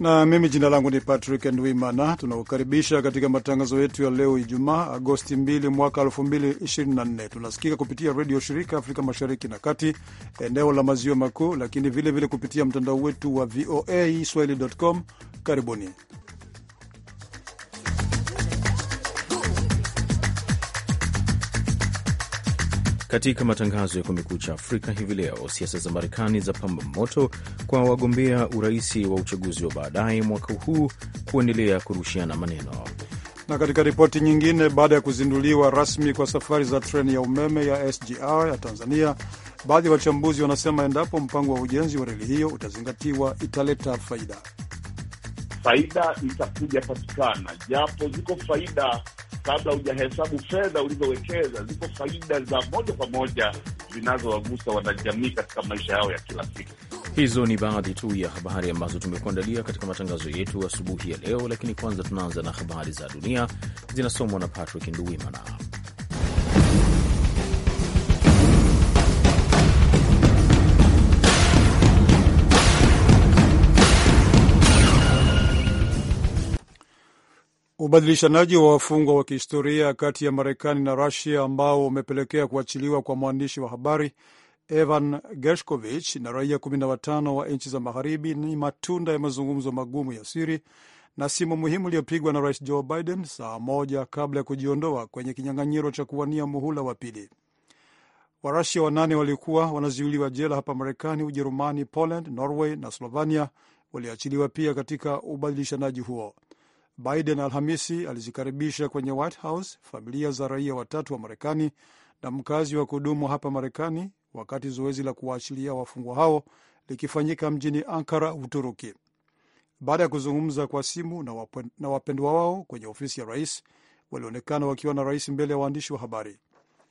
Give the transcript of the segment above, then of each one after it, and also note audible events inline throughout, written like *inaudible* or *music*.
na mimi jina langu ni Patrick Ndwimana. Tunakukaribisha katika matangazo yetu ya leo Ijumaa, Agosti 2 mwaka 2024. Tunasikika kupitia redio shirika Afrika Mashariki na Kati, eneo la maziwa makuu, lakini vilevile vile kupitia mtandao wetu wa VOA swahili.com. Karibuni. Katika matangazo ya Kumekucha Afrika hivi leo, siasa za Marekani za pamba moto kwa wagombea urais wa uchaguzi wa baadaye mwaka huu kuendelea kurushiana maneno. Na katika ripoti nyingine, baada ya kuzinduliwa rasmi kwa safari za treni ya umeme ya SGR ya Tanzania, baadhi ya wachambuzi wanasema endapo mpango wa ujenzi wa reli hiyo utazingatiwa, italeta faida. Faida itakuja patikana, japo ziko faida kabla hujahesabu fedha ulizowekeza, ziko faida za moja kwa moja zinazowagusa wanajamii katika maisha yao ya kila siku. Hizo ni baadhi tu ya habari ambazo tumekuandalia katika matangazo yetu asubuhi ya leo, lakini kwanza tunaanza na habari za dunia zinasomwa na Patrick Nduwimana. Ubadilishanaji wa wafungwa wa kihistoria kati ya Marekani na Rusia ambao umepelekea kuachiliwa kwa mwandishi wa habari Evan Gershkovich na raia 15 wa nchi za magharibi ni matunda ya mazungumzo magumu ya siri na simu muhimu iliyopigwa na Rais Joe Biden saa moja kabla ya kujiondoa kwenye kinyang'anyiro cha kuwania muhula wa pili. Warasia wanane walikuwa wanazuiliwa jela hapa Marekani, Ujerumani, Poland, Norway na Slovenia waliachiliwa pia katika ubadilishanaji huo. Biden Alhamisi alizikaribisha kwenye White House familia za raia watatu wa Marekani na mkazi wa kudumu hapa Marekani, wakati zoezi la kuwaachilia wafungwa hao likifanyika mjini Ankara, Uturuki. Baada ya kuzungumza kwa simu na, wapendwa wao kwenye ofisi ya rais, walionekana wakiwa na rais mbele ya waandishi wa habari.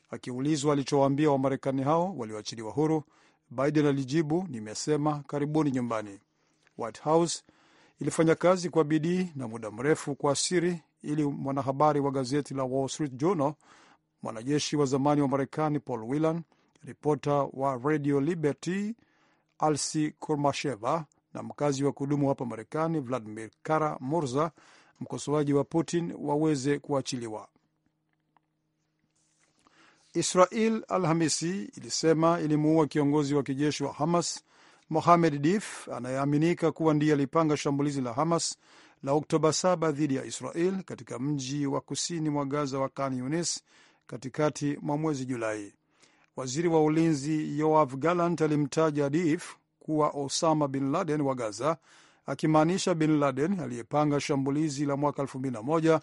Akiulizwa alichowaambia Wamarekani hao walioachiliwa huru, Biden alijibu, nimesema karibuni nyumbani. White House ilifanya kazi kwa bidii na muda mrefu kwa siri ili mwanahabari wa gazeti la Wall Street Journal, mwanajeshi wa zamani wa Marekani Paul Whelan, ripota wa Radio Liberty Alsi Kurmasheva na mkazi wa kudumu hapa Marekani Vladimir Kara Morza, mkosoaji wa Putin, waweze kuachiliwa. Israel Alhamisi ilisema ilimuua kiongozi wa kijeshi wa Hamas Mohamed Dif anayeaminika kuwa ndiye alipanga shambulizi la Hamas la Oktoba 7 dhidi ya Israel katika mji wa kusini mwa Gaza wa Khan Yunis katikati mwa mwezi Julai. Waziri wa ulinzi Yoav Gallant alimtaja Dif kuwa Osama bin Laden wa Gaza, akimaanisha bin Laden aliyepanga shambulizi la mwaka 2001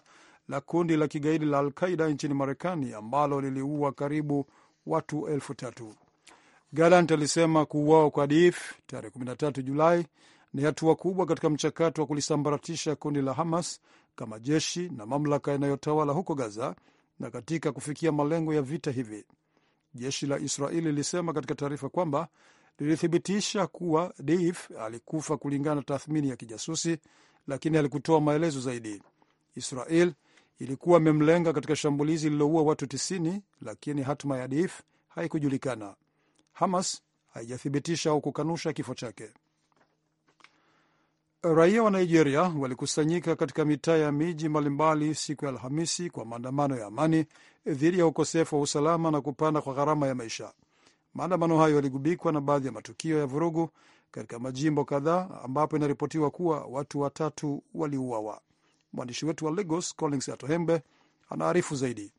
la kundi la kigaidi la Al Qaida nchini Marekani ambalo liliua karibu watu elfu tatu. Galant alisema kuuawa kwa Diif tarehe 13 Julai ni hatua kubwa katika mchakato wa kulisambaratisha kundi la Hamas kama jeshi na mamlaka yanayotawala huko Gaza na katika kufikia malengo ya vita hivi. Jeshi la Israeli lilisema katika taarifa kwamba lilithibitisha kuwa Diif alikufa kulingana na tathmini ya kijasusi, lakini alikutoa maelezo zaidi. Israel ilikuwa imemlenga katika shambulizi lililoua watu 90, lakini hatma ya Diif haikujulikana. Hamas haijathibitisha au kukanusha kifo chake. Raia wa Nigeria walikusanyika katika mitaa ya miji mbalimbali siku ya Alhamisi kwa maandamano ya amani dhidi ya ukosefu wa usalama na kupanda kwa gharama ya maisha. Maandamano hayo yaligubikwa na baadhi ya matukio ya vurugu katika majimbo kadhaa, ambapo inaripotiwa kuwa watu watatu waliuawa. Mwandishi wetu wa Lagos, Collins Atohembe, anaarifu zaidi.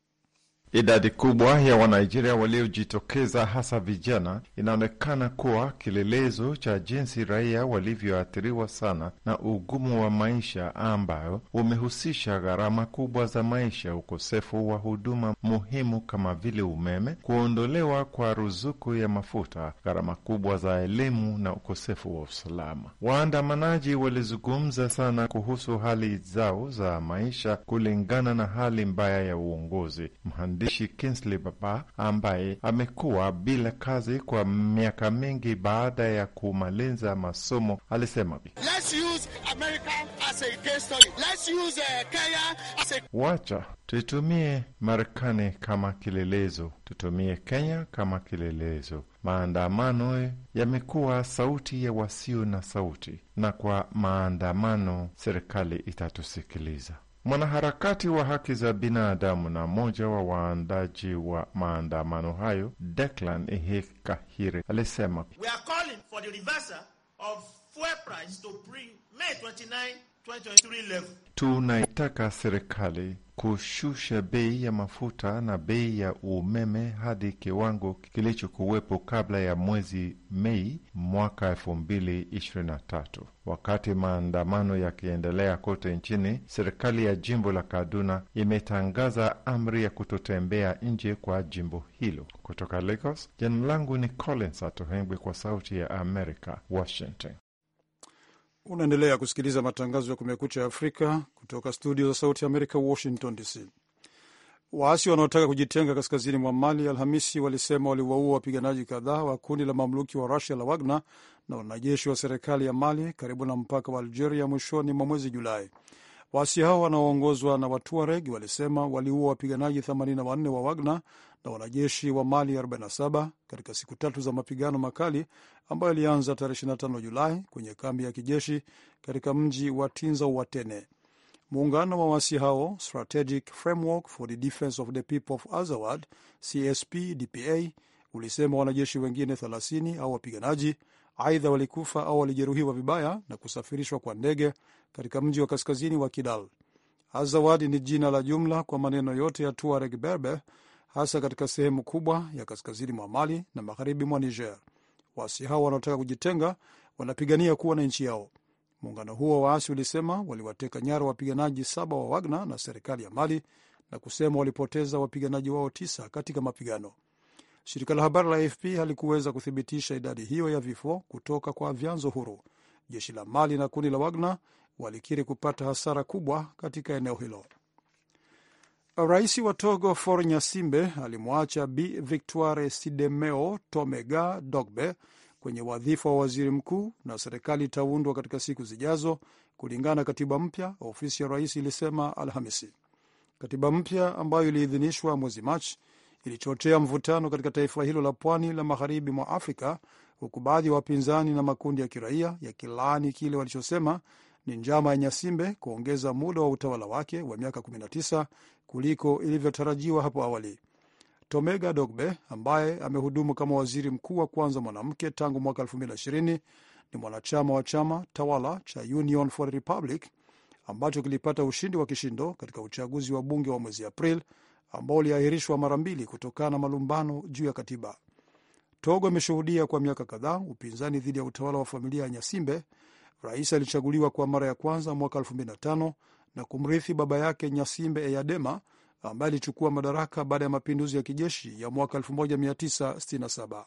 Idadi kubwa ya Wanigeria waliojitokeza hasa vijana inaonekana kuwa kielelezo cha jinsi raia walivyoathiriwa sana na ugumu wa maisha ambayo umehusisha gharama kubwa za maisha, ukosefu wa huduma muhimu kama vile umeme, kuondolewa kwa ruzuku ya mafuta, gharama kubwa za elimu na ukosefu wa usalama. Waandamanaji walizungumza sana kuhusu hali zao za maisha kulingana na hali mbaya ya uongozi Mhand mwandishi Kinsley Baba ambaye amekuwa bila kazi kwa miaka mingi baada ya kumaliza masomo alisema, Let's use America as a case study. Let's use uh, Kenya as a... wacha tuitumie Marekani kama kilelezo, tutumie Kenya kama kilelezo. Maandamano yamekuwa sauti ya wasio na sauti, na kwa maandamano serikali itatusikiliza. Mwanaharakati wa haki za binadamu na mmoja wa waandaji wa maandamano hayo Declan ihekahire alisema We are calling for the reversal of fuel price to May 29 Tunaitaka serikali kushusha bei ya mafuta na bei ya umeme hadi kiwango kilichokuwepo kabla ya mwezi Mei mwaka elfu mbili ishirini na tatu. Wakati maandamano yakiendelea kote nchini, serikali ya jimbo la Kaduna imetangaza amri ya kutotembea nje kwa jimbo hilo. Kutoka Lagos, jina langu ni Collins Atohengwi, kwa Sauti ya Amerika, Washington. Unaendelea kusikiliza matangazo ya Kumekucha Afrika kutoka studio za Sauti ya Amerika, Washington DC. Waasi wanaotaka kujitenga kaskazini mwa Mali Alhamisi walisema waliwaua wapiganaji kadhaa wa kundi la mamluki wa Rusia la Wagner na wanajeshi wa serikali ya Mali karibu na mpaka wa Algeria mwishoni mwa mwezi Julai. Waasi hao wanaoongozwa na Watuareg walisema waliua wapiganaji 84 wa Wagner na wanajeshi wa Mali 47 katika siku tatu za mapigano makali ambayo ilianza tarehe 25 Julai kwenye kambi ya kijeshi katika mji wa Tinza Uwatene. Muungano wa wasi hao Strategic Framework for the Defense of the People of Azawad, CSP DPA ulisema wanajeshi wengine 30 au wapiganaji aidha walikufa au walijeruhiwa vibaya na kusafirishwa kwa ndege katika mji wa kaskazini wa Kidal. Azawad ni jina la jumla kwa maneno yote ya Tuareg Berber hasa katika sehemu kubwa ya kaskazini mwa Mali na magharibi mwa Niger. Waasi hao wanaotaka kujitenga wanapigania kuwa na nchi yao. Muungano huo wa waasi ulisema waliwateka nyara wapiganaji saba wa Wagner na serikali ya Mali na kusema walipoteza wapiganaji wao tisa katika mapigano. Shirika la habari la AFP halikuweza kuthibitisha idadi hiyo ya vifo kutoka kwa vyanzo huru. Jeshi la Mali na kundi la Wagner walikiri kupata hasara kubwa katika eneo hilo. Rais wa Togo Faure Nyasimbe alimwacha Bi Victoire Sidemeo Tomega Dogbe kwenye wadhifa wa waziri mkuu na serikali itaundwa katika siku zijazo, kulingana na katiba mpya, ofisi ya rais ilisema Alhamisi. Katiba mpya ambayo iliidhinishwa mwezi Machi ilichochea mvutano katika taifa hilo la pwani la magharibi mwa Afrika, huku baadhi ya wapinzani na makundi ya kiraia yakilaani kile walichosema ni njama ya Nyasimbe kuongeza muda wa utawala wake wa miaka 19 kuliko ilivyotarajiwa hapo awali. Tomega Dogbe ambaye amehudumu kama waziri mkuu wa kwanza mwanamke tangu mwaka 2020 ni mwanachama wa chama tawala cha Union for Republic ambacho kilipata ushindi wa kishindo katika uchaguzi wa bunge wa mwezi April ambao uliahirishwa mara mbili kutokana na malumbano juu ya katiba. Togo imeshuhudia kwa miaka kadhaa upinzani dhidi ya utawala wa familia ya Nyasimbe Rais alichaguliwa kwa mara ya kwanza mwaka 2005 na kumrithi baba yake Nyasimbe Eyadema ambaye alichukua madaraka baada ya mapinduzi ya kijeshi ya mwaka 1967.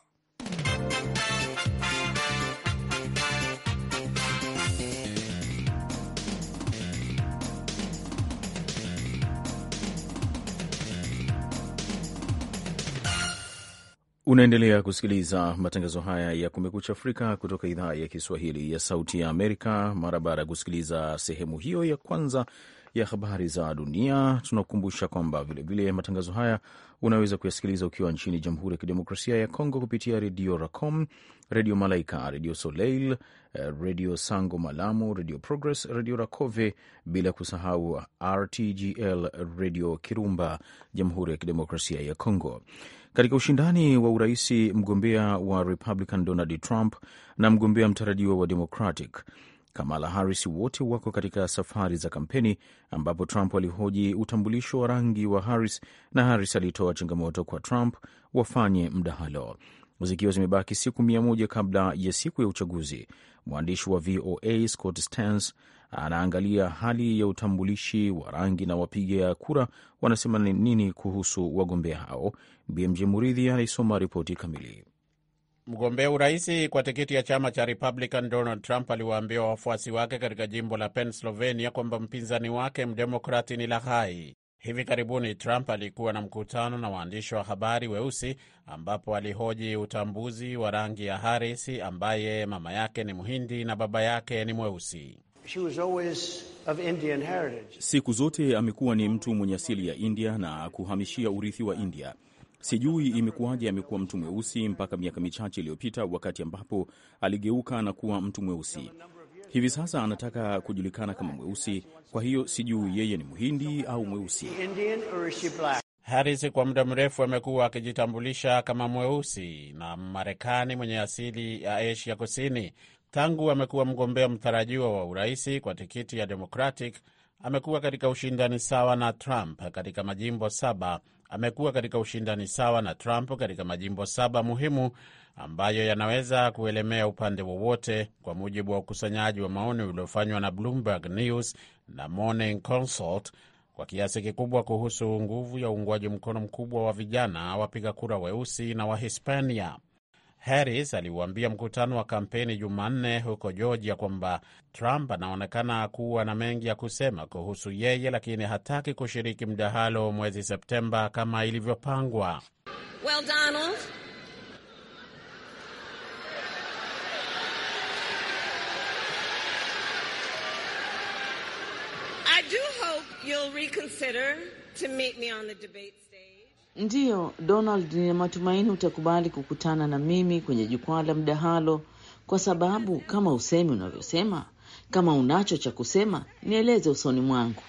Unaendelea kusikiliza matangazo haya ya Kumekucha Afrika kutoka idhaa ya Kiswahili ya Sauti ya Amerika. Mara baada ya kusikiliza sehemu hiyo ya kwanza ya habari za dunia. tunakumbusha kwamba vilevile matangazo haya unaweza kuyasikiliza ukiwa nchini Jamhuri ya Kidemokrasia ya Kongo kupitia Redio Racom, Redio Malaika, Redio Soleil, eh, Redio Sango Malamu, Redio Progress, Redio Racove, bila kusahau RTGL Redio Kirumba, Jamhuri ya Kidemokrasia ya Kongo. Katika ushindani wa uraisi, mgombea wa Republican Donald Trump na mgombea mtarajiwa wa Democratic Kamala Harris wote wako katika safari za kampeni, ambapo Trump alihoji utambulisho wa rangi wa Harris na Harris alitoa changamoto kwa Trump wafanye mdahalo. Zikiwa zimebaki siku mia moja kabla ya siku ya uchaguzi, mwandishi wa VOA Scott Stans anaangalia hali ya utambulishi wa rangi na wapiga kura wanasema nini kuhusu wagombea hao. BMJ Muridhi anaisoma ripoti kamili. Mgombea uraisi kwa tikiti ya chama cha Republican Donald Trump aliwaambia wafuasi wake katika jimbo la Pennsylvania kwamba mpinzani wake mdemokrati ni lahai Hivi karibuni Trump alikuwa na mkutano na waandishi wa habari weusi ambapo alihoji utambuzi wa rangi ya Harris ambaye mama yake ni mhindi na baba yake ni mweusi. She was always of Indian heritage. Siku zote amekuwa ni mtu mwenye asili ya India na kuhamishia urithi wa India. Sijui imekuwaje amekuwa mtu mweusi mpaka miaka michache iliyopita, wakati ambapo aligeuka na kuwa mtu mweusi. Hivi sasa anataka kujulikana kama mweusi, kwa hiyo sijui yeye ni mhindi au mweusi. Harris kwa muda mrefu amekuwa akijitambulisha kama mweusi na Marekani mwenye asili ya Asia Kusini. Tangu amekuwa mgombea mtarajiwa wa uraisi kwa tikiti ya Democratic, amekuwa katika ushindani sawa na Trump katika majimbo saba amekuwa katika ushindani sawa na Trump katika majimbo saba muhimu ambayo yanaweza kuelemea upande wowote, kwa mujibu wa ukusanyaji wa maoni uliofanywa na Bloomberg News na Morning Consult kwa kiasi kikubwa kuhusu nguvu ya uungwaji mkono mkubwa wa vijana wapiga kura weusi na Wahispania. Harris aliuambia mkutano wa kampeni Jumanne huko Georgia kwamba Trump anaonekana kuwa na mengi ya kusema kuhusu yeye, lakini hataki kushiriki mdahalo mwezi Septemba kama ilivyopangwa. Well, Donald. I do hope you'll reconsider to meet me on the debate. Ndiyo, Donald, nina matumaini utakubali kukutana na mimi kwenye jukwaa la mdahalo, kwa sababu kama usemi unavyosema, kama unacho cha kusema nieleze usoni mwangu.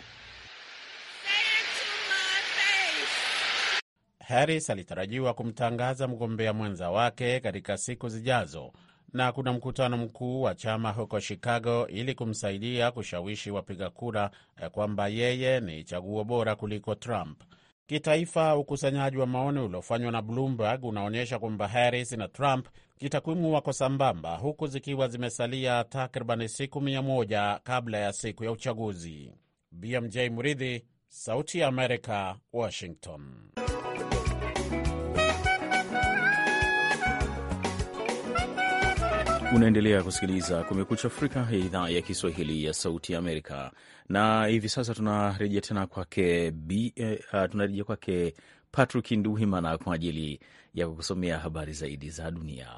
Harris alitarajiwa kumtangaza mgombea mwenza wake katika siku zijazo, na kuna mkutano mkuu wa chama huko Chicago ili kumsaidia kushawishi wapiga kura eh, kwamba yeye ni chaguo bora kuliko Trump. Kitaifa, ukusanyaji wa maoni uliofanywa na Bloomberg unaonyesha kwamba Harris na Trump kitakwimu wako sambamba, huku zikiwa zimesalia takriban siku mia moja kabla ya siku ya uchaguzi. BMJ Muridhi, Sauti ya Amerika, Washington. Unaendelea kusikiliza Kumekucha Afrika ya idhaa ya Kiswahili ya Sauti ya Amerika, na hivi sasa tunarejea tena kwake uh, tunarejea kwake Patrick Nduhimana kwa ajili ya kukusomea habari zaidi za dunia.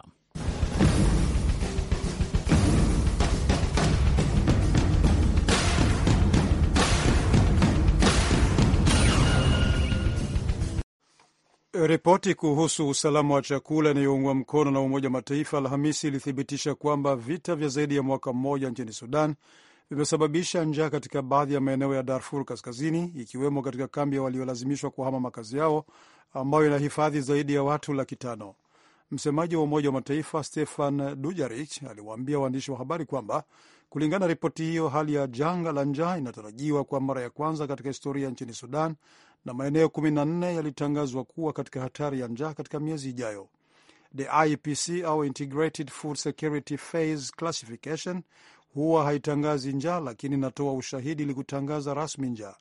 Ripoti kuhusu usalama wa chakula inayoungwa mkono na Umoja wa Mataifa Alhamisi ilithibitisha kwamba vita vya zaidi ya mwaka mmoja nchini Sudan vimesababisha njaa katika baadhi ya maeneo ya Darfur Kaskazini, ikiwemo katika kambi ya waliolazimishwa kuhama makazi yao ambayo inahifadhi zaidi ya watu laki tano. Msemaji wa Umoja wa Mataifa Stefan Dujarric aliwaambia waandishi wa habari kwamba kulingana na ripoti hiyo, hali ya janga la njaa inatarajiwa kwa mara ya kwanza katika historia nchini Sudan na maeneo 14 yalitangazwa kuwa katika hatari ya njaa katika miezi ijayo. The IPC e au Integrated Food Security Phase Classification huwa haitangazi njaa, lakini inatoa ushahidi ili kutangaza rasmi njaa.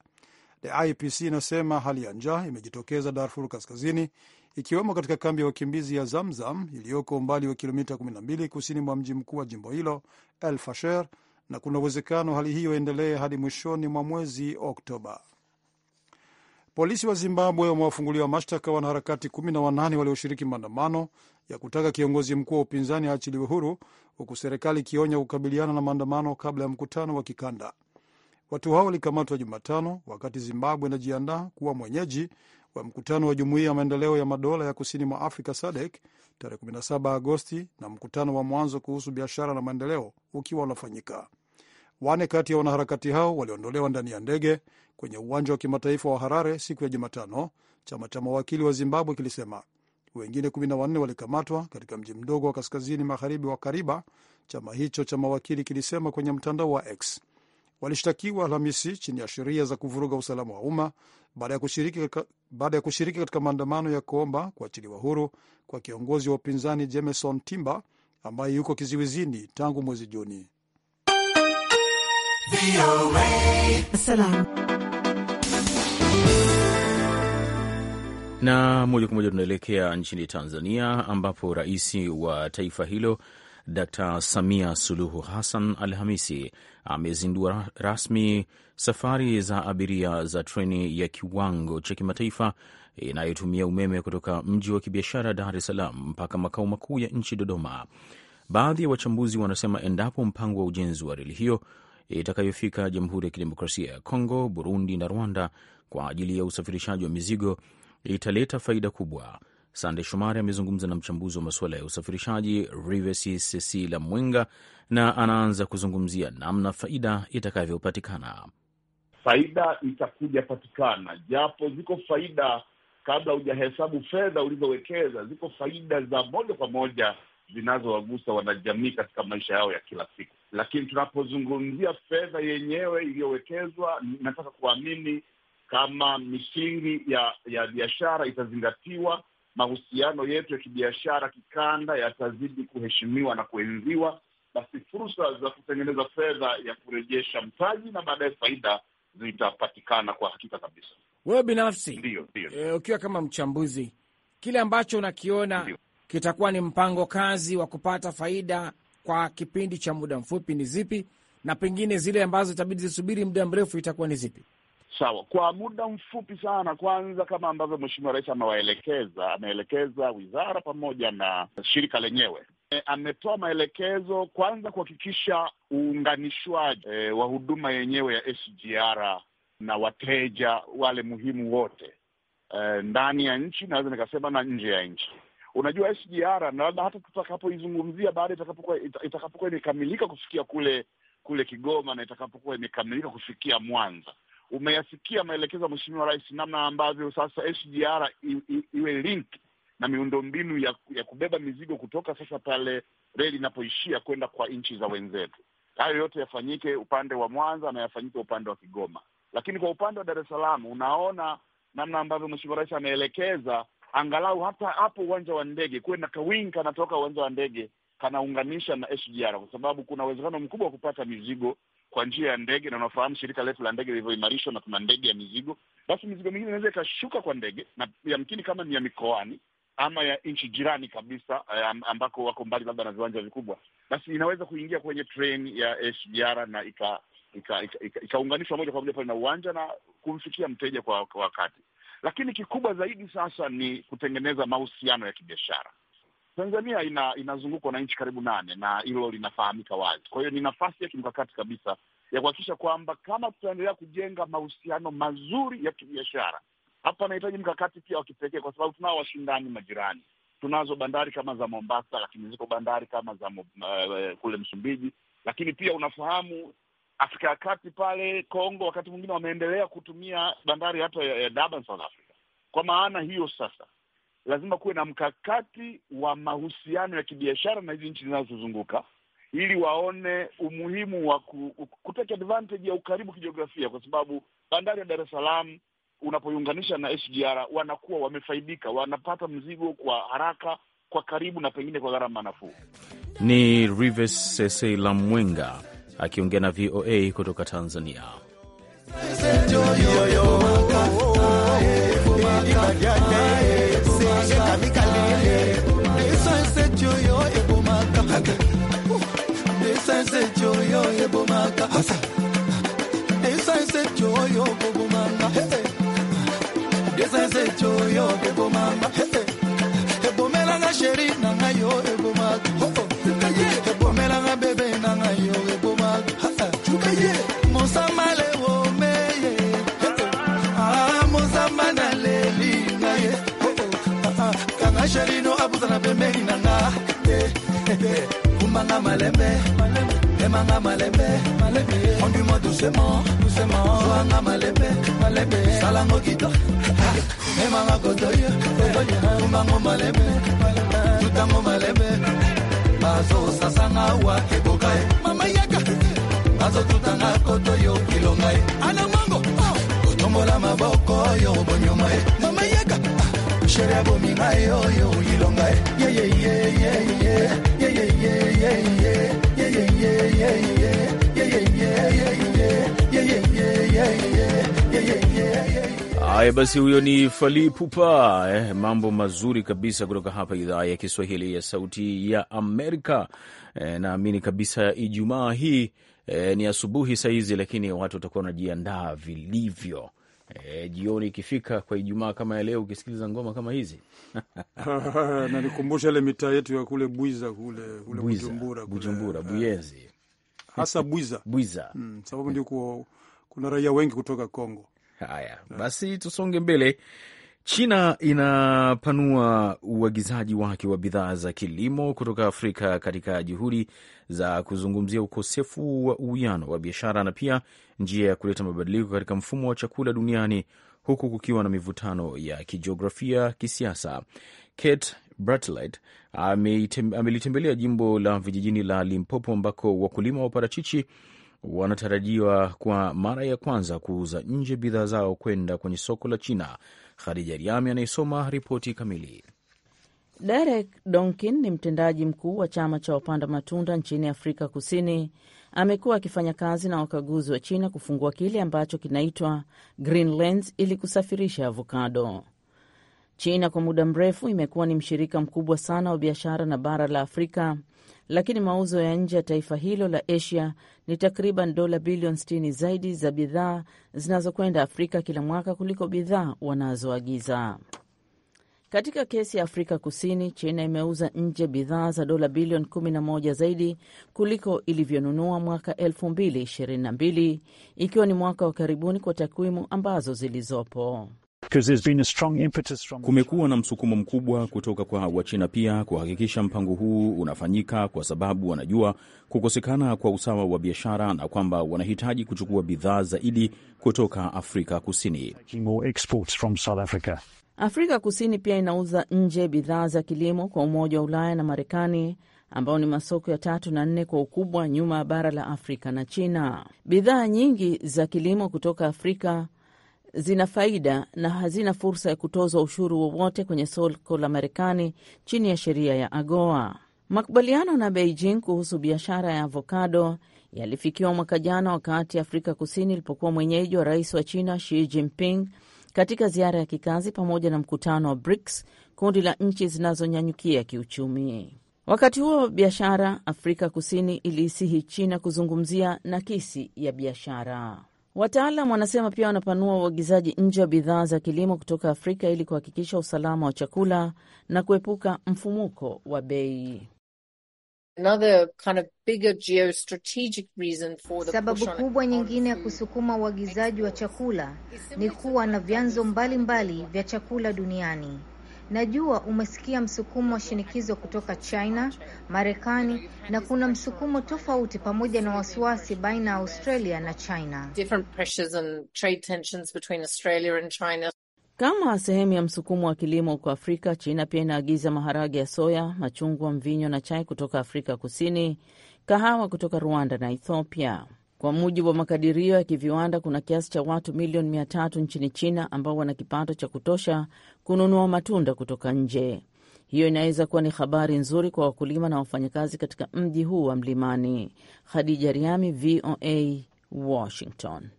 The IPC e inasema hali ya njaa imejitokeza Darfur Kaskazini, ikiwemo katika kambi ya wakimbizi ya Zamzam iliyoko umbali wa kilomita 12 kusini mwa mji mkuu wa jimbo hilo El Fasher, na kuna uwezekano hali hiyo endelee hadi mwishoni mwa mwezi Oktoba. Polisi wa Zimbabwe wamewafungulia mashtaka wanaharakati kumi na wanane walioshiriki maandamano ya kutaka kiongozi mkuu wa upinzani aachiliwe huru, huku serikali ikionya kukabiliana na maandamano kabla ya mkutano wa kikanda. Watu hao walikamatwa Jumatano wakati Zimbabwe inajiandaa kuwa mwenyeji wa mkutano wa Jumuiya ya Maendeleo ya Madola ya Kusini mwa Afrika SADC tarehe 17 Agosti, na mkutano wa mwanzo kuhusu biashara na maendeleo ukiwa unafanyika. Wane kati ya wanaharakati hao waliondolewa ndani ya ndege kwenye uwanja wa kimataifa wa Harare siku ya Jumatano, chama cha mawakili wa Zimbabwe kilisema. Wengine 14 walikamatwa katika mji mdogo wa kaskazini magharibi wa Kariba, chama hicho cha mawakili kilisema kwenye mtandao wa X. Walishtakiwa Alhamisi chini ya sheria za kuvuruga usalama wa umma baada ya kushiriki, baada ya kushiriki katika maandamano ya kuomba kuachiliwa huru kwa kiongozi wa upinzani Jameson Timba ambaye yuko kiziwizini tangu mwezi Juni. Na moja kwa moja tunaelekea nchini Tanzania ambapo rais wa taifa hilo Dr. Samia Suluhu Hassan Alhamisi amezindua rasmi safari za abiria za treni ya kiwango cha kimataifa inayotumia umeme kutoka mji wa kibiashara Dar es Salaam mpaka makao makuu ya nchi Dodoma. Baadhi ya wa wachambuzi wanasema endapo mpango wa ujenzi wa reli hiyo itakayofika Jamhuri ya Kidemokrasia ya Kongo, Burundi na Rwanda kwa ajili ya usafirishaji wa mizigo italeta faida kubwa. Sande Shomari amezungumza na mchambuzi wa masuala ya usafirishaji Rivesi la Mwenga, na anaanza kuzungumzia namna faida itakavyopatikana. Faida itakuja patikana, japo ziko faida kabla hujahesabu fedha ulizowekeza, ziko faida za moja kwa moja zinazowagusa wanajamii katika maisha yao ya kila siku. Lakini tunapozungumzia fedha yenyewe iliyowekezwa, nataka kuamini kama misingi ya ya biashara itazingatiwa, mahusiano yetu ya kibiashara kikanda yatazidi kuheshimiwa na kuenziwa, basi fursa za kutengeneza fedha ya kurejesha mtaji na baadaye faida zitapatikana kwa hakika kabisa. Wewe binafsi, ndio ndio, eh, ukiwa kama mchambuzi, kile ambacho unakiona kitakuwa ni mpango kazi wa kupata faida kwa kipindi cha muda mfupi ni zipi, na pengine zile ambazo itabidi zisubiri muda mrefu itakuwa ni zipi? Sawa, kwa muda mfupi sana, kwanza kama ambavyo Mheshimiwa Rais amewaelekeza, ameelekeza wizara pamoja na shirika lenyewe e, ametoa maelekezo kwanza kuhakikisha uunganishwaji e, wa huduma yenyewe ya SGR na wateja wale muhimu wote e, ndani ya nchi naweza nikasema na nje ya nchi. Unajua SGR na labda hata tutakapoizungumzia baada itakapokuwa itakapokuwa imekamilika kufikia kule kule Kigoma na itakapokuwa imekamilika kufikia Mwanza, umeyasikia maelekezo ya Mheshimiwa Rais namna ambavyo sasa SGR iwe link na miundombinu ya, ya kubeba mizigo kutoka sasa pale reli inapoishia kwenda kwa nchi za wenzetu. Hayo yote yafanyike upande wa Mwanza na yafanyike upande wa Kigoma, lakini kwa upande wa Dar es Salaam unaona namna ambavyo Mheshimiwa Rais ameelekeza angalau hata hapo uwanja wa ndege kuwe na kawingi kanatoka uwanja wa ndege kanaunganisha na SGR, kwa sababu kuna uwezekano mkubwa wa kupata mizigo kwa njia ya ndege, na unafahamu shirika letu la ndege lilivyoimarishwa na kuna ndege ya mizigo, basi mizigo mingine inaweza ikashuka kwa ndege, na yamkini kama ni ya mikoani ama ya nchi jirani kabisa eh, ambako wako mbali labda na viwanja vikubwa, basi inaweza kuingia kwenye treni ya SGR na ikaunganishwa ika, ika, ika moja kwa moja pale na uwanja na kumfikia mteja kwa wakati lakini kikubwa zaidi sasa ni kutengeneza mahusiano ya kibiashara. Tanzania ina, inazungukwa na nchi karibu nane na hilo linafahamika wazi. Kwa hiyo ni nafasi ya kimkakati kabisa ya kuhakikisha kwamba kama tutaendelea kujenga mahusiano mazuri ya kibiashara, hapa anahitaji mkakati pia wa kipekee, kwa sababu tunao washindani majirani. Tunazo bandari kama za Mombasa, lakini ziko bandari kama za uh, kule Msumbiji, lakini pia unafahamu Afrika ya Kati pale Kongo, wakati mwingine wameendelea kutumia bandari hata ya Durban, South Africa. Kwa maana hiyo sasa lazima kuwe na mkakati wa mahusiano ya kibiashara na hizi nchi zinazozunguka ili waone umuhimu wa ku, kutake advantage ya ukaribu kijiografia, kwa sababu bandari ya Dar es Salaam unapoiunganisha na SGR wanakuwa wamefaidika, wanapata mzigo kwa haraka, kwa karibu na pengine kwa gharama nafuu. Ni Rives Sesei la Mwenga akiongea na VOA kutoka Tanzania. Emanga malembe, emanga malembe, conduis doucement, doucement. Joanga malembe, malembe, salango kita. Ah. Emanga kotoye, kotoye, malembe, tutango malembe. Bazo wa kebokai, mama yaka. Bazo tutanga kotoyo kilongai, anamango. Kotombola oh. maboko yo bonyomai, mama yaka. Ah. Sheria bomingai yo yo ilongai, Haya basi, huyo ni Fali Pupa eh, mambo mazuri kabisa kutoka hapa idhaa ya Kiswahili ya Sauti ya Amerika. Eh, naamini kabisa Ijumaa hii eh, ni asubuhi sahizi, lakini watu watakuwa wanajiandaa vilivyo eh, jioni ikifika kwa Ijumaa kama ya leo, ukisikiliza ngoma kama hizi *laughs* nanikumbusha ile mitaa yetu ya kule Bwiza kule, kule Bwiza, Bujumbura, kule, Bujumbura eh, hasa Bwiza, Bwiza. Hmm, sababu ndio kuna raia wengi kutoka Kongo Haya basi, tusonge mbele. China inapanua uagizaji wake wa bidhaa za kilimo kutoka Afrika katika juhudi za kuzungumzia ukosefu wa uwiano wa biashara na pia njia ya kuleta mabadiliko katika mfumo wa chakula duniani huku kukiwa na mivutano ya kijiografia, kisiasa. Kate Bartlett amelitembelea jimbo la vijijini la Limpopo ambako wakulima wa parachichi wanatarajiwa kwa mara ya kwanza kuuza nje bidhaa zao kwenda kwenye soko la China. Khadija Riami anayesoma ripoti kamili. Derek Donkin ni mtendaji mkuu wa chama cha wapanda matunda nchini Afrika Kusini. Amekuwa akifanya kazi na wakaguzi wa China kufungua kile ambacho kinaitwa Green ili kusafirisha avokado. China kwa muda mrefu imekuwa ni mshirika mkubwa sana wa biashara na bara la Afrika lakini mauzo ya nje ya taifa hilo la Asia ni takriban dola bilioni 60 zaidi za bidhaa zinazokwenda Afrika kila mwaka kuliko bidhaa wanazoagiza. Katika kesi ya Afrika Kusini, China imeuza nje bidhaa za dola bilioni 11 zaidi kuliko ilivyonunua mwaka 2022 ikiwa ni mwaka wa karibuni kwa takwimu ambazo zilizopo. Kumekuwa na msukumo mkubwa kutoka kwa Wachina pia kuhakikisha mpango huu unafanyika, kwa sababu wanajua kukosekana kwa usawa wa biashara na kwamba wanahitaji kuchukua bidhaa zaidi kutoka Afrika Kusini. Afrika Kusini pia inauza nje bidhaa za kilimo kwa Umoja wa Ulaya na Marekani ambao ni masoko ya tatu na nne kwa ukubwa nyuma ya bara la Afrika na China. Bidhaa nyingi za kilimo kutoka Afrika zina faida na hazina fursa ya kutozwa ushuru wowote kwenye soko la Marekani chini ya sheria ya AGOA. Makubaliano na Beijing kuhusu biashara ya avocado yalifikiwa mwaka jana wakati Afrika Kusini ilipokuwa mwenyeji wa rais wa China Xi Jinping katika ziara ya kikazi pamoja na mkutano wa BRICS, kundi la nchi zinazonyanyukia kiuchumi. Wakati huo biashara, Afrika Kusini iliisihi China kuzungumzia nakisi ya biashara. Wataalam wanasema pia wanapanua uagizaji nje wa bidhaa za kilimo kutoka Afrika ili kuhakikisha usalama wa chakula na kuepuka mfumuko wa bei. Kind of sababu kubwa nyingine ya kusukuma uagizaji wa chakula ni kuwa na vyanzo mbalimbali mbali vya chakula duniani. Najua umesikia msukumo wa shinikizo kutoka China, Marekani na kuna msukumo tofauti pamoja na wasiwasi baina ya Australia na China. Kama sehemu ya msukumo wa kilimo kwa Afrika, China pia inaagiza maharage ya soya, machungwa, mvinyo na chai kutoka Afrika Kusini, kahawa kutoka Rwanda na Ethiopia. Kwa mujibu wa makadirio ya kiviwanda, kuna kiasi cha watu milioni mia tatu nchini China ambao wana kipato cha kutosha kununua matunda kutoka nje. Hiyo inaweza kuwa ni habari nzuri kwa wakulima na wafanyakazi katika mji huu wa mlimani. Khadija Riami, VOA Washington.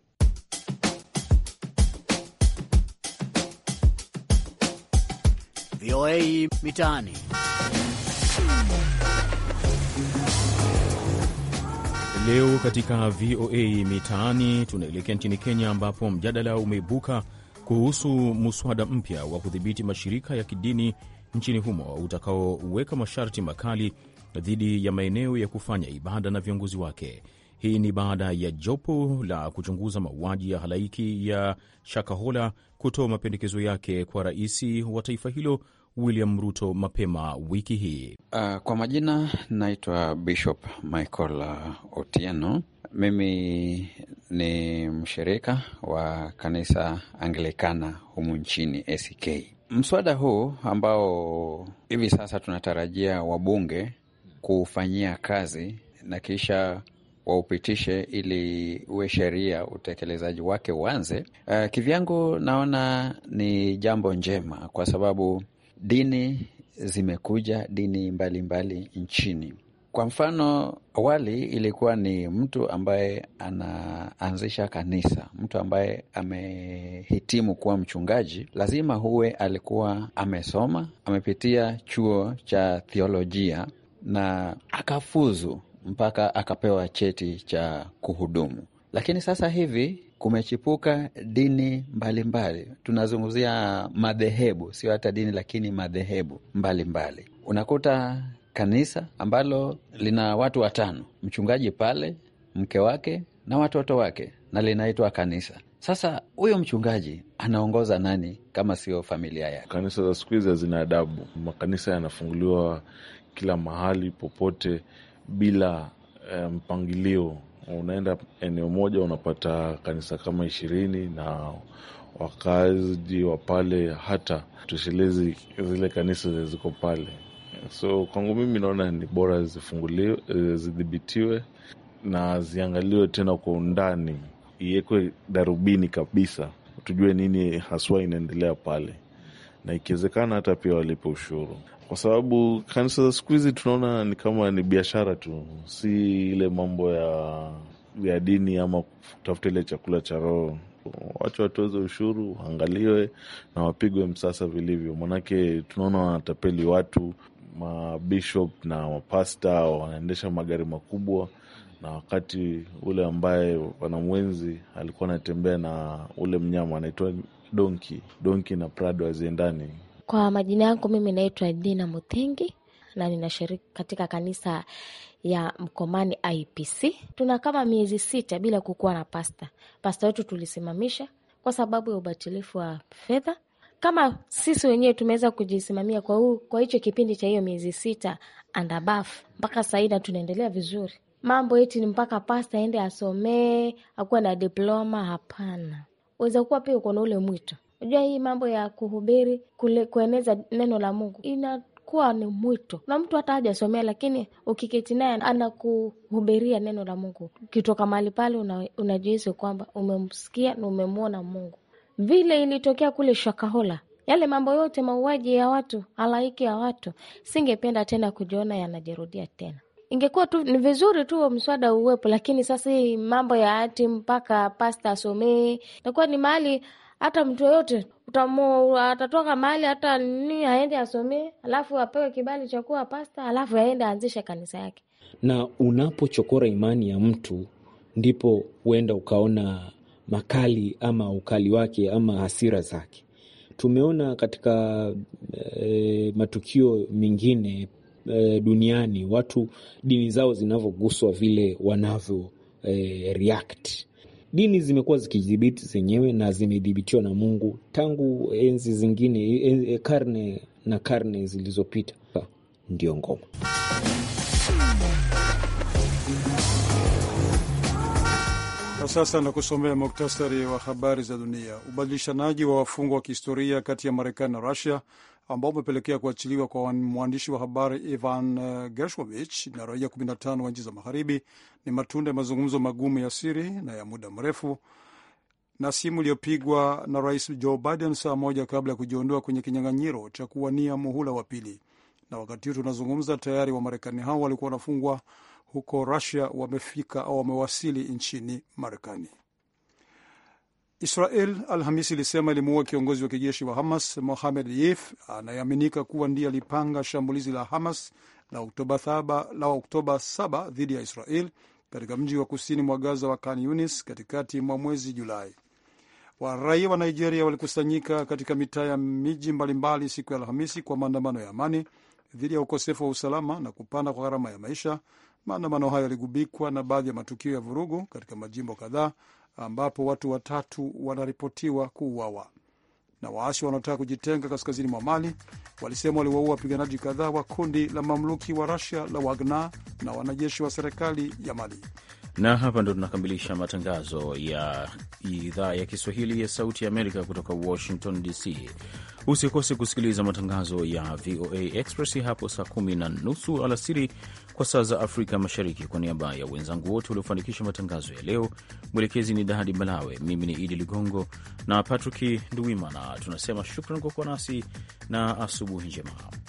VOA Mitaani. Leo katika VOA Mitaani tunaelekea nchini Kenya, ambapo mjadala umeibuka kuhusu muswada mpya wa kudhibiti mashirika ya kidini nchini humo utakaoweka masharti makali dhidi ya maeneo ya kufanya ibada na viongozi wake. Hii ni baada ya jopo la kuchunguza mauaji ya halaiki ya Shakahola kutoa mapendekezo yake kwa rais wa taifa hilo William Ruto mapema wiki hii. Uh, kwa majina naitwa Bishop Michael uh, Otieno. Mimi ni mshirika wa kanisa Anglikana humu nchini ACK. Mswada huu ambao hivi sasa tunatarajia wabunge kuufanyia kazi na kisha waupitishe ili uwe sheria, utekelezaji wake uanze. Uh, kivyangu naona ni jambo njema, kwa sababu Dini zimekuja dini mbalimbali mbali nchini. Kwa mfano, awali ilikuwa ni mtu ambaye anaanzisha kanisa, mtu ambaye amehitimu kuwa mchungaji, lazima huwe alikuwa amesoma, amepitia chuo cha theolojia na akafuzu mpaka akapewa cheti cha kuhudumu. Lakini sasa hivi kumechipuka dini mbalimbali. Tunazungumzia madhehebu, sio hata dini, lakini madhehebu mbalimbali. Unakuta kanisa ambalo lina watu watano, mchungaji pale, mke wake na watoto wake, na linaitwa kanisa. Sasa huyo mchungaji anaongoza nani kama sio familia yake? Kanisa za siku hizi hazina adabu. Makanisa yanafunguliwa kila mahali popote bila eh, mpangilio unaenda eneo moja unapata kanisa kama ishirini na wakazi wa pale hata tushelezi zile kanisa ziko pale. So kwangu mimi naona ni bora zifunguliwe, zidhibitiwe na ziangaliwe tena kwa undani, iwekwe darubini kabisa, tujue nini haswa inaendelea pale, na ikiwezekana hata pia walipe ushuru kwa sababu kanisa za siku hizi tunaona ni kama ni biashara tu, si ile mambo ya ya dini ama kutafuta ile chakula cha roho. Wacha watoze ushuru, waangaliwe na wapigwe msasa vilivyo, manake tunaona wanatapeli watu. Mabishop na mapasta wanaendesha magari makubwa, na wakati ule ambaye wanamwenzi alikuwa anatembea na ule mnyama anaitwa donki donki, na Prado haziendani. Kwa majina yangu mimi naitwa Dina Mutingi na ninashiriki katika kanisa ya Mkomani IPC. Tuna kama miezi sita bila kukuwa na pasta. Pasta wetu tulisimamisha kwa sababu ya ubatilifu wa fedha. Kama sisi wenyewe tumeweza kujisimamia kwa huu, kwa hicho kipindi cha hiyo miezi sita andabafu mpaka saida tunaendelea vizuri. Mambo eti ni mpaka pasta aende asomee akuwa na diploma? Hapana, uweza kuwa pia uko na ule mwito Unajua hii mambo ya kuhubiri kule, kueneza neno la Mungu ina kuwa ni mwito na mtu hata hajasomea, lakini ukiketi naye anakuhubiria neno la Mungu, ukitoka mahali pale unajihisi kwamba umemsikia na umemwona Mungu. Vile ilitokea kule Shakahola, yale mambo yote, mauaji ya watu, halaiki ya watu, singependa tena kujiona yanajirudia tena. Ingekuwa tu ni vizuri tu mswada uwepo, lakini sasa hii mambo ya ati mpaka pasta asomee, nakuwa ni mahali hata mtu yoyote atatoka mahali hata nini, aende asomee, alafu apewe kibali cha kuwa pasta, alafu aende aanzishe kanisa yake. Na unapochokora imani ya mtu, ndipo huenda ukaona makali ama ukali wake ama hasira zake. Tumeona katika e, matukio mengine e, duniani watu dini zao zinavyoguswa vile wanavyo e, react Dini zimekuwa zikidhibiti zenyewe na zimedhibitiwa na Mungu tangu enzi zingine, enzi, e, karne na karne zilizopita. ndio ngoma kwa sasa. Nakusomea muktasari wa habari za dunia. Ubadilishanaji wa wafungwa wa kihistoria kati ya Marekani na Rusia ambao umepelekea kuachiliwa kwa mwandishi wa habari Ivan uh, Gershkovich na raia 15 wa nchi za magharibi ni matunda ya mazungumzo magumu ya siri na ya muda mrefu na simu iliyopigwa na rais Joe Biden saa moja kabla ya kujiondoa kwenye kinyang'anyiro cha kuwania muhula wa pili. Na wakati huu tunazungumza, tayari Wamarekani hao walikuwa wanafungwa huko Rusia wamefika au wamewasili nchini Marekani. Israel Alhamisi ilisema ilimuua kiongozi wa kijeshi wa Hamas Mohamed Yef anayeaminika kuwa ndiye alipanga shambulizi la Hamas la Oktoba 7 dhidi ya Israel katika mji wa kusini mwa Gaza wa Khan Yunis katikati mwa mwezi Julai. Waraia wa Nigeria walikusanyika katika mitaa ya miji mbalimbali siku ya Alhamisi kwa maandamano ya amani dhidi ya ukosefu wa usalama na kupanda kwa gharama ya maisha. Maandamano hayo yaligubikwa na baadhi ya matukio ya vurugu katika majimbo kadhaa ambapo watu watatu wanaripotiwa kuuawa. Na waasi wanaotaka kujitenga kaskazini mwa Mali walisema waliwaua wapiganaji kadhaa wa kundi la mamluki wa Russia la Wagner na wanajeshi wa serikali ya Mali. Na hapa ndo tunakamilisha matangazo ya idhaa ya Kiswahili ya Sauti ya Amerika kutoka Washington DC. Usikose kusikiliza matangazo ya VOA Express hapo saa kumi na nusu alasiri kwa saa za Afrika Mashariki. Kwa niaba ya wenzangu wote waliofanikisha matangazo ya leo, mwelekezi ni dadi Balawe, mimi ni Idi Ligongo na Patrick Nduwimana, tunasema shukran kwa kuwa nasi na asubuhi njema.